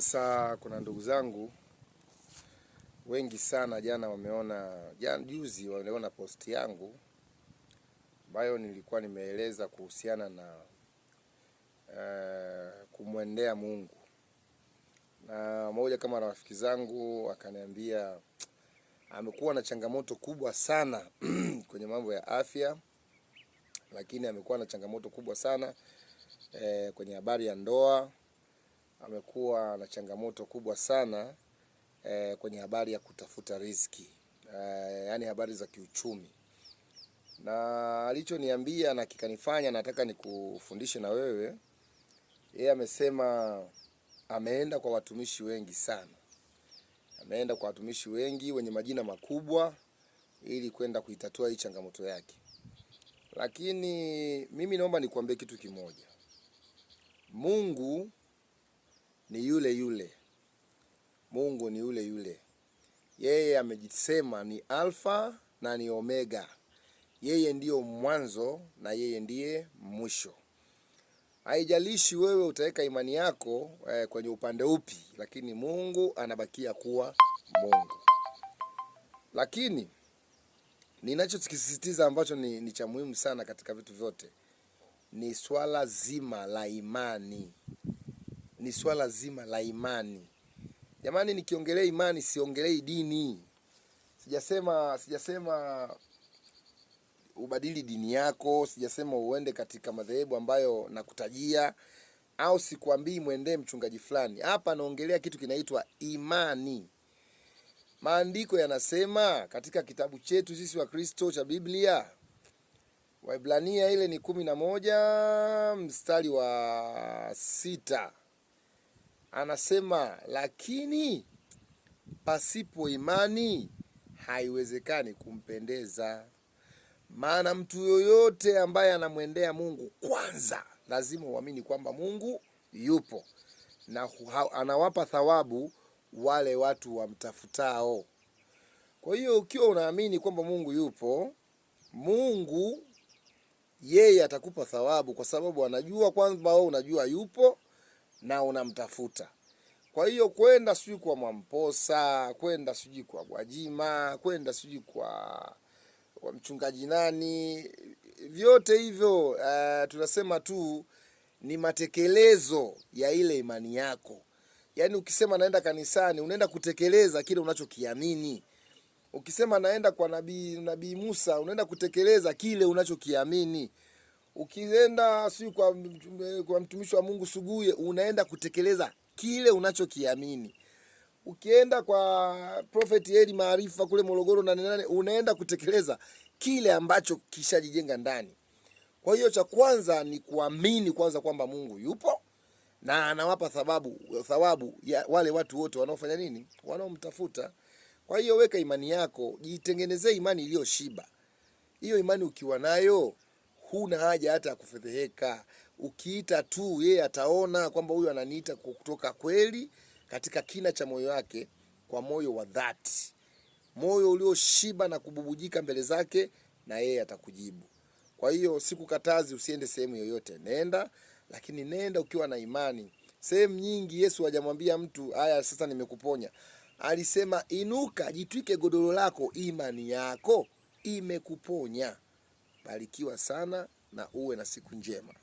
Sasa kuna ndugu zangu wengi sana jana wameona jana, juzi wameona posti yangu ambayo nilikuwa nimeeleza kuhusiana na uh, kumwendea Mungu, na moja kama rafiki zangu akaniambia amekuwa na changamoto kubwa sana kwenye mambo ya afya, lakini amekuwa na changamoto kubwa sana eh, kwenye habari ya ndoa amekuwa na changamoto kubwa sana eh, kwenye habari ya kutafuta riziki eh, yani habari za kiuchumi, na alichoniambia na kikanifanya nataka nikufundishe na wewe. Yeye amesema ameenda kwa watumishi wengi sana, ameenda kwa watumishi wengi wenye majina makubwa ili kwenda kuitatua hii changamoto yake. Lakini mimi naomba nikuambie kitu kimoja, Mungu ni yule yule, Mungu ni yule yule. Yeye amejisema ni Alfa na ni Omega, yeye ndiyo mwanzo na yeye ndiye mwisho. Haijalishi wewe utaweka imani yako eh, kwenye upande upi, lakini Mungu anabakia kuwa Mungu. Lakini ninachokisisitiza ambacho ni, ni cha muhimu sana katika vitu vyote ni swala zima la imani ni swala zima la imani. Jamani, nikiongelea imani siongelei dini. Sijasema sijasema ubadili dini yako, sijasema uende katika madhehebu ambayo nakutajia, au sikuambii mwendee mchungaji fulani. Hapa naongelea kitu kinaitwa imani. Maandiko yanasema katika kitabu chetu sisi Wakristo cha Biblia, Waibrania ile ni kumi na moja mstari wa sita anasema lakini pasipo imani haiwezekani kumpendeza. Maana mtu yoyote ambaye anamwendea Mungu kwanza lazima uamini kwamba Mungu yupo na anawapa thawabu wale watu wamtafutao. Kwa hiyo ukiwa unaamini kwamba Mungu yupo, Mungu yeye atakupa thawabu, kwa sababu anajua kwamba wewe unajua yupo na unamtafuta. Kwa hiyo kwenda sijui kwa Mwamposa, kwenda sijui kwa Gwajima, kwenda sijui kwa kwa mchungaji nani, vyote hivyo uh, tunasema tu ni matekelezo ya ile imani yako. Yaani ukisema naenda kanisani, unaenda kutekeleza kile unachokiamini. Ukisema naenda kwa nabii nabii Musa, unaenda kutekeleza kile unachokiamini ukienda si kwa, kwa mtumishi wa Mungu Suguye, unaenda kutekeleza kile unachokiamini. Ukienda kwa Prophet Eli Maarifa kule Morogoro na nane, unaenda kutekeleza kile ambacho kishajijenga ndani. Kwa hiyo cha kwanza ni kuamini kwanza kwamba Mungu yupo na anawapa thawabu thawabu ya wale watu wote wanaofanya nini, wanaomtafuta. Kwa hiyo weka imani yako, jitengenezee imani iliyoshiba. Hiyo imani ukiwa nayo huna haja hata ya kufedheheka. Ukiita tu yeye ataona kwamba huyu ananiita kutoka kweli katika kina cha moyo wake, kwa moyo wa dhati, moyo ulioshiba na kububujika mbele zake, na yeye atakujibu. Kwa hiyo sikukatazi usiende sehemu yoyote, nenda, lakini nenda ukiwa na imani. Sehemu nyingi Yesu hajamwambia mtu haya, sasa nimekuponya. Alisema inuka, jitwike godoro lako, imani yako imekuponya. Barikiwa sana na uwe na siku njema.